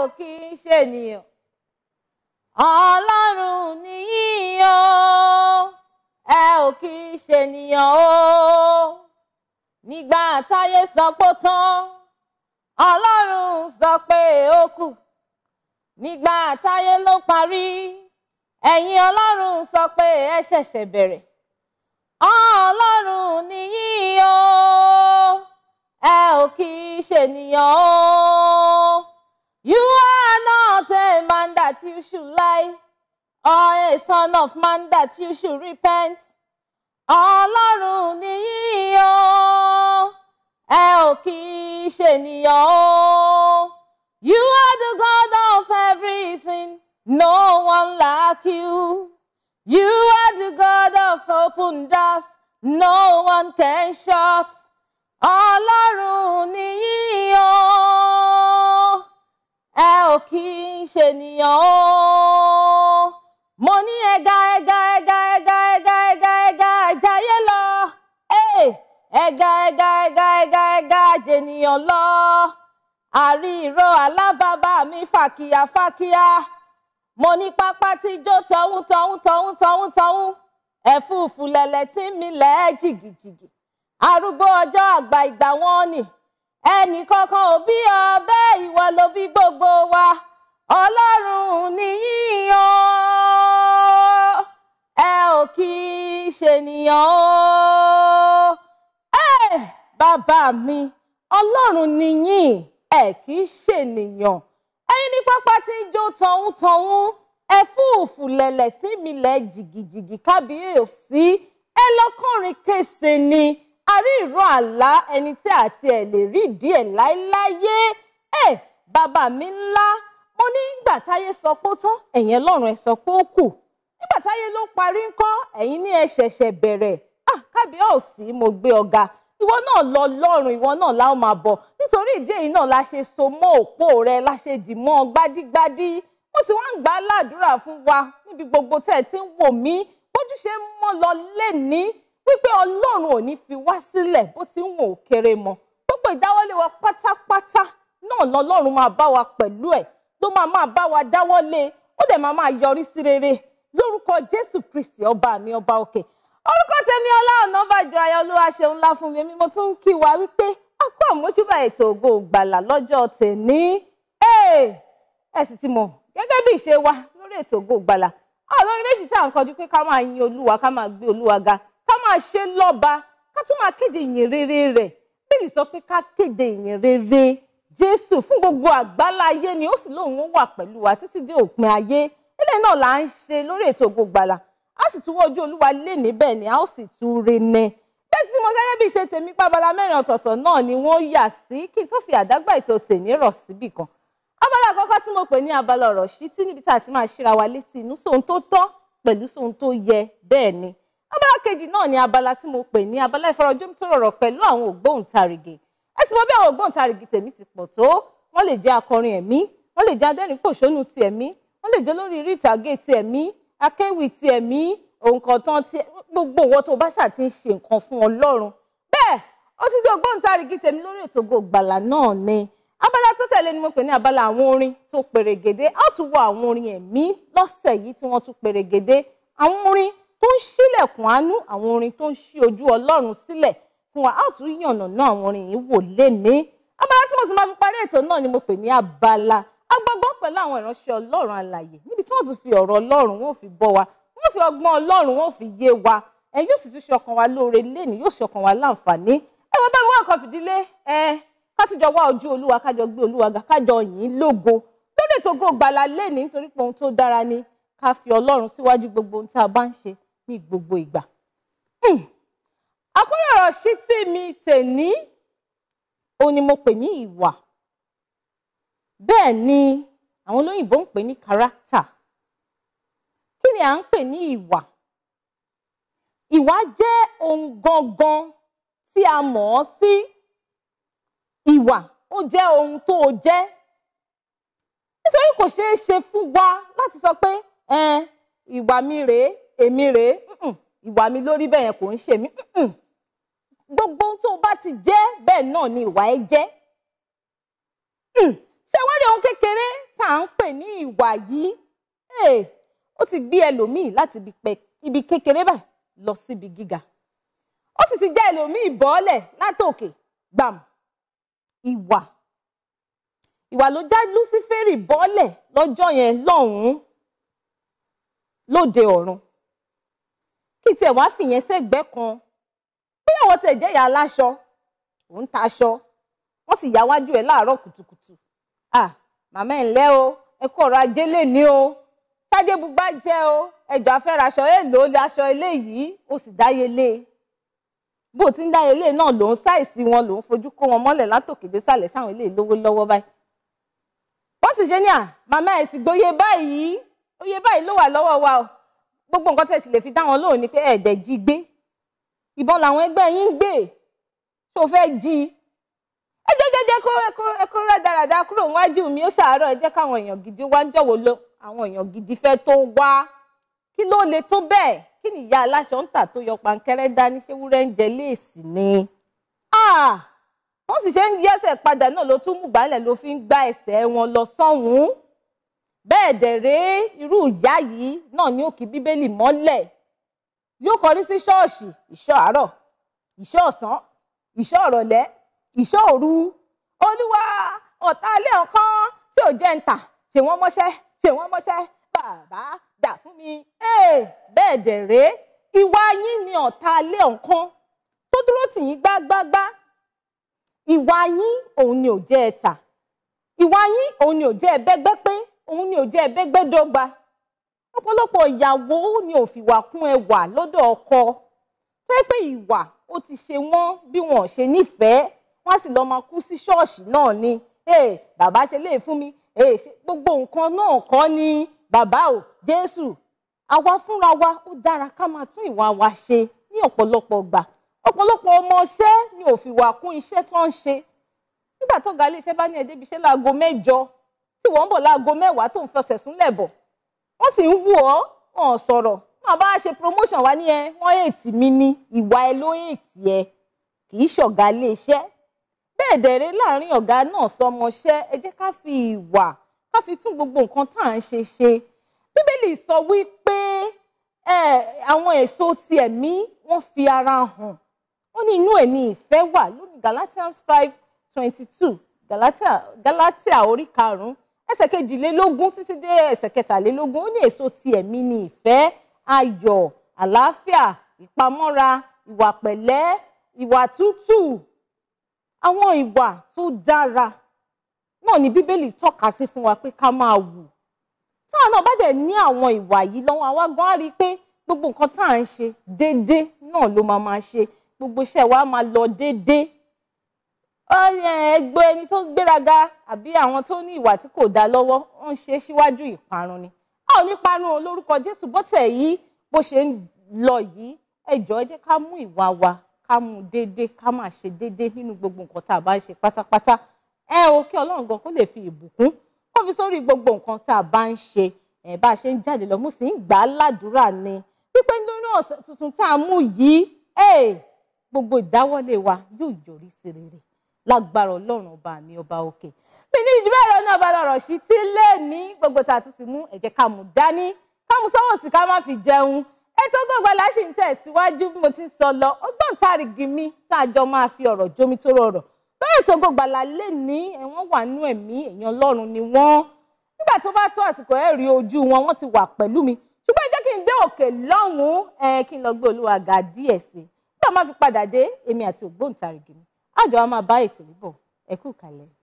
ò kì í ṣènìyàn ọlọ́run nìyí o ẹ ò kì í ṣènìyàn o nígbà táyé sọ pé tán ọlọ́run sọ pé ó kù nígbà táyé ló parí ẹ̀yin ọlọ́run sọ pé ẹ ṣẹ̀ṣẹ̀ bẹ̀rẹ̀ ọlọ́run nìyí o ẹ ò kì í ṣènìyàn o. You that you should lie oh a son of man that you should repent ọlọ́run nìyí o ẹ ò kì í ṣènìyàn o you are the God of everything no one like you you are the God of open doors no one can shut ọlọ́run nìyí o ẹ ò kí ń ṣe nìyàn o mo ní ẹ̀gà ẹ̀gà ẹ̀gà ẹ̀gà ẹ̀gà ẹ̀gà ẹ̀gà àjàyè lọ ẹ̀gà ẹ̀gà ẹ̀gà ẹ̀gà ẹ̀gà àjènìyàn lọ àrí ìró alábàbà mi fàkìyà fàkìyà mo ní pápá tí jó tọ̀hún tọ̀hún tọ̀hún tọ̀hún tọ̀hún ẹ̀fúùfù lẹ̀lẹ̀ tí mi lẹ̀ jìgìjìgì arúgbó ọjọ́ àgbà ìgbà wọn ni ẹnì kankan ò bí ọ bẹ́ẹ̀ ìwọ ló bí gbogbo wa ọlọ́run nìyí o ẹ ò kì í ṣènìyàn o ẹ bàbá mi ọlọ́run nìyí ẹ kì í ṣènìyàn ẹ̀yin ní pápá tí ń jó tọ̀húntọ̀hún ẹ fúùfù lẹ̀lẹ̀ tí mi lẹ̀ jìgìjìgì kábíyèsí ẹ lọ́kùnrin kése ni a rí ìran àlá ẹni tí àti ẹ̀ lè rí ìdí ẹ̀ láéláyé ẹ̀ bàbá mi ńlá mo ní nígbà táyé sọ pé ó tán ẹ̀yin Ọlọ́run ẹ̀ sọ pé ó kù nígbà táyé ló parí ńkọ́ ẹ̀yin ní ẹ ṣẹ̀ṣẹ̀ bẹ̀rẹ̀ ah kábíyèsí mo gbé ọ̀gá ìwọ náà lọ lọ́rùn ìwọ náà la ó máa bọ̀ nítorí ìdí èyí náà la ṣe so mọ́ òpó rẹ la ṣe dì mọ́ ọ gbádígbádí mo sì wá gbà á ládùúrà fún wa níbi gbogbo tẹ́ ẹ ti ń wò mí bójú ṣe ń mọ́ lọ lẹ́ni wípé ọlọ́run ò ní fi wá sílẹ̀ bó ti ń wò ó kéré mọ́ gbogbo ìdáwọ́lé wa pátápátá náà lọ́lọ́run máa bá wa pẹ̀lú ẹ̀ ló máa máa bá wa dáwọ́lé ó dẹ̀ máa máa yọrí sí rere lórúkọ jésù kristi ọba mi ọba òkè orúkọ tèmi Ọlá Ọ̀nàbàjọ ayọ̀lúwa ṣeun ńlá fún mi mo tún ń kí wa wípé a kó àmójúbà ètò ògo ìgbàlà lọ́jọ́ tèmi ẹ sì ti mọ̀ gẹ́gẹ́ bí ìṣe wa lórí ètò ògo ìgbàlà àwọn olórin méjì tá à ń kọjú pé ká máa yin olúwa ká máa gbé olúwa ga ká máa ṣe lọ́ba ká tún máa kéde ìyìn rere rẹ̀ bíbélì sọ pé ká kéde ìyìn rere jésù fún gbogbo àgbálá ayé ni ó sì lóun ó wà pẹ̀lú wa títí dé òpin ayé ilé náà là ń ṣe lórí ètò Ògo Ìgbàlà a sì tún wọ́jú olúwa lé níbẹ̀ ni a ó sì tún rene bẹ́ẹ̀ sì mo gẹ́gẹ́ bí ṣe tèmi pábala mẹ́rin ọ̀tọ̀ọ̀tọ̀ náà ni wọ́n yà sí kí n tó fi àdágbà ètò tèmi rọ̀ síbì kan abala àkọ́kọ́ tí mo pè ní abala ọ̀rọ̀ ṣí tí níbi tá a ti máa ṣíra wa létí inú sóhun tó tọ́ pẹ̀lú sóhun tó yẹ bẹ́ẹ̀ ni abala kejì náà ni abala tí mo pè ní abala ìfọ̀rọ̀jomitoro ọ̀rọ̀ pẹ̀lú àwọn ògbóǹtarìgì ẹ sì mọ bí àwọn ògbóǹtarìgì tèmi ti pọ̀ tó wọ́n lè jẹ́ akọrin ẹ̀mí wọ́n lè jẹ́ adẹ́rìnpòṣónú ti ẹ̀mí wọ́n lè jẹ́ lórí eré ìtàgé ti ẹ̀mí akéwì ti ẹ̀mí nǹkan tán ti gbogbo owó tó bá ṣáà ti ń ṣe nǹkan fún Ọlọ́run bẹ́ẹ̀ ó ti di ògbóǹtarìgì tèmi lórí ètò Ògo Ìgbàlà náà ni abala tó tẹ̀lé ni mo pè ní abala àwọn orin tó pèrègèdè á tún wọ àwọn orin ẹ̀mí lọ́sẹ̀ yìí tí wọ́n tún pèrègèdè àwọn orin tó ń ṣílẹ̀kùn àánú àwọn orin tó ń ṣí ojú ọlọ́run sílẹ̀ fún wa á tún yànnàná àwọn orin yìí wò lénìí abala tí mo sì máa fi parí ètò náà ni mo pè ní abala agbọ́gbọ́n pẹ̀lú àwọn ìránṣẹ́ ọlọ́run alàyè níbi tí wọ́n tún fi ọ̀rọ̀ ọlọ́run wọn ò fi bọ́ wa wọ́n fi ọgbọ́n ọlọ́run wọn ò fi yé wa ẹ yóò sì tún ṣe ọkàn wa lóore lénìí yóò ṣe ọkàn wa láǹfààní ẹ wọ́n bá mi wá nǹkan fìdílé ẹ kátíjọ wá ojú olúwa kájọ gbé olúwa ga kájọ yìn lógo lórí ètò Ògo Ìgbàlà nítorí pé ohun tó dára ni ká fi ọlọ́run síwájú gbogbo ohun tá a bá ń ṣe ní gbogbo ìgbà. Hmm. àkórí ọ̀rọ̀ sí tèmi tèní òun ni mo pè ní ìwà bẹ́ẹ̀ ni àwọn olóyìnbó ń pè ní character kí ni à ń pè ní ìwà ìwà jẹ́ ohun gangan tí a mọ̀ ọ́ sí ìwà ó jẹ́ ohun tó o jẹ́ nítorí kò ṣeé ṣe fún wa láti sọ pé ìwà mi rèé èmi rèé ìwà mi lórí bẹ́ẹ̀ yẹn kò ń ṣe mí gbogbo ohun tó bá ti jẹ́ bẹ́ẹ̀ náà ni ìwà ẹ jẹ́ mm. ṣé wá rí ohun kékeré tá à ń pè ní ìwà yìí ó ti gbé ẹlòmíì láti ibi kékeré báyìí lọ síbi gíga ó sì ti já ẹlòmíì bọ́ọ̀lẹ̀ látòkè gbàm ìwà ìwà ló já Lúsíférì bọ́ọ̀lẹ̀ lọ́jọ́ yẹn lọ́hùn-ún lóde ọ̀run ìtẹ̀ wá fìyẹn sẹ́gbẹ́ kan bóyá wọ́n tẹ̀ jẹ́ ìyá aláṣọ òun ta aṣọ wọ́n sì yá wájú ẹ̀ láàárọ̀ kùtùkùtù à màmá ẹ̀ ńlẹ́ o ẹ kú ọ̀rọ̀ ajé lè ní o ṣáájú ibùgbà jẹ́ o ẹjọ́ afẹ́raṣọ èèlò aṣọ eléyìí ó sì dáyé lé bó ti ń dáyé lé náà lòun ṣàìsí wọn lòun fojú kó wọn mọ́lẹ̀ látòkèdè sàlẹ̀ sáwọn eléyìí lówó lọ́wọ́ báyìí wọ́n sì ṣe ní à màmá ẹ̀ sì gbóyè báyìí oyè báyìí ló wà lọ́wọ́ wa o gbogbo nǹkan tẹ̀sí lè fi dá wọn lóhùn ni pé ẹ̀ẹ́dẹ̀ jí gbé ìbọn làwọn ẹgbẹ́ yín ń gbé tó fẹ́ jí ẹ jẹ́ jẹ́ jẹ́ kó ẹ kó rẹ̀ dáradára kúrò níwájú mi ó ṣàárọ̀ ẹ jẹ́ káwọn èèyàn gidi wá ń jọ̀wọ́ lọ àwọn èèyàn gidi fẹ́ tó wá kí ló le tó bẹ́ẹ̀ kí ni ìyá aláṣọ ń tà tó yọ pankẹ́rẹ́ dání ṣé wúrẹ́ ń jẹ léèsì ni wọ́n ah! sì ṣe ń yẹ́sẹ̀ padà náà ló tún mú gbálẹ̀ ló fi ń gbá ẹsẹ̀ wọn lọ sọ́hùn-ún bẹ́ẹ̀ dẹ̀ rèé irú ìyá yìí náà ni ó kí bíbélì mọ́lẹ̀ yóò kọrí sí ṣọ́ọ̀ṣì ìṣọ́ àárọ̀ ìṣọ́ ọ̀sán ìṣọ́ ọ̀rọ̀lẹ́ ìṣọ́ òru olúwa ọ̀tá ilé ọ̀kan tí ò jẹ́ ń tà ṣé wọ́n mọ́ṣẹ́ ṣé wọ́n mọ́ṣẹ́ bàbá dà fún mi. bẹ́ẹ̀ dẹ̀ rèé ìwà yín ni ọ̀tá ilé ọ̀kan tó dúró tì yín gbágbágbá ìwà yín òun ni ò jẹ́ ẹ tà ìwà yín òun ni ò jẹ́ ẹ bẹ́gbẹ́ pín òun ni ò jẹ́ ẹ̀bẹ́gbẹ́dọ́gba ọ̀pọ̀lọpọ̀ ìyàwó ni ò fìwà kún ẹwà lọ́dọ̀ ọkọ tó yẹ pé ìwà ó ti ṣe wọ́n bí wọn ò ṣe nífẹ̀ẹ́ wọ́n á sì lọ́ọ́ máa kú sí ṣọ́ọ̀ṣì náà ni ee bàbá ṣe lè fún mi ee ṣe gbogbo nǹkan náà kọ́ ni bàbá o Jésù àwa fúnra wa ó dára ká máa tún ìwà wa ṣe ní ọ̀pọ̀lọpọ̀ gbà ọ̀pọ̀lọpọ̀ ọmọọṣẹ́ ni ò fìwà kún iṣẹ́ tó ń ṣe nígbà tó ga iléeṣẹ́ bá ní ẹ̀dẹ́biṣẹ́ láago mẹ́jọ tí wọ́n ń bọ̀ láago mẹ́wàá tó ń fẹsẹ̀ súnlẹ̀ bọ̀ wọ́n sì ń wù ọ́ wọn sọ̀rọ̀ wọn bá ṣe promotion wa ní ẹ wọ́n èètì mi ni ìwà ẹ ló èètì ẹ kì í ṣọ̀gá iléeṣẹ́ bẹ́ẹ̀ dẹ̀rẹ́ láàrin ọ̀gá náà sọmọṣẹ́ ẹ jẹ́ ká fi ìwà ká fi tún gbogbo nǹkan tá à ń ṣe ṣe bíbélì sọ wípé àwọn èso ti ẹ̀mí wọ́n fi ara hàn ó ní inú ẹ̀mí ìfẹ́ wà lónìí Galatians five twenty two Galatia Galatia orí karùn-ún ẹsẹ̀ kejìlélógún títí dé ẹsẹ̀ kẹtàlélógún ó ní èso ti ẹ̀mí ni ìfẹ́ ayọ̀ àlàáfíà ìpamọ́ra ìwà pẹ̀lẹ́ ìwà tútù àwọn ìwà tó dára náà ni bíbélì tọ́ka sí fún wa pé ká máa wù táwọn náà bá dẹ̀ ní àwọn ìwà yìí lọ́wọ́ àwa gan á rí i pé gbogbo nǹkan tá à ń ṣe déédéé náà ló máa máa ṣe gbogbo iṣẹ́ wa máa lọ déédéé ẹgbẹ́ ẹni tó gbéraga àbí àwọn tó ní ìwà tí kò dáa lọ́wọ́ ń ṣe síwájú ìparun ni a ò ní parun o lórúkọ Jésù bọ́tẹ̀ yìí bó ṣe ń lọ yìí ẹ jọ̀ọ́ ẹ jẹ́ ká mú ìwà wa ká mú déédé ká máa ṣe déédé nínú gbogbo nǹkan tá a bá ń ṣe pátápátá ẹ o kí Ọlọ́run gan kó lè fi ìbùkún kó fi sórí gbogbo nǹkan tá a bá ń ṣe ẹ bá a ṣe ń jáde lọ mo sì ń gbà á ládùúrà ni wípé nínú ọ̀sẹ̀ tuntun tá a mú yìí gbogbo ìdáwọ́lé wa yóò yọrí sí rere lágbára ọlọ́run ọba mi ọba òkè mi ní ìdí bẹ́ẹ̀ lọ́nà ọba lọ́rọ̀ sí tí lé ní gbogbo tá a ti sì mú ẹ̀jẹ̀ ká mú dání ká mú sọ́wọ́ sí ká má fi jẹun ètò Ògo Ìgbàlà ṣì ń tẹ̀síwájú bí mo ti ń sọ lọ ògbóǹtarìgì mi tá a jọ máa fi ọ̀rọ̀ jomi tó rọrọ̀ lórí ètò Ògo Ìgbàlà lè ní ẹ̀wọ̀n wà nú ẹ̀mí èèyàn ọlọ́run ni wọ́n nígbà tó bá tó àsìkò ẹ̀ rí ojú wọn wọ́n ti wà pẹ̀lú mi ṣùgbọ́n ẹ jẹ́ kí n dé òkè lọ́hùn-ún kí n lọ gbé Olúwa ga díẹ̀ sí i bí wọ́n fi padà dé èmi àti ògbóǹtarìgì mi àjọ a máa bá ètò bíbọ̀ ẹ kú kalẹ̀.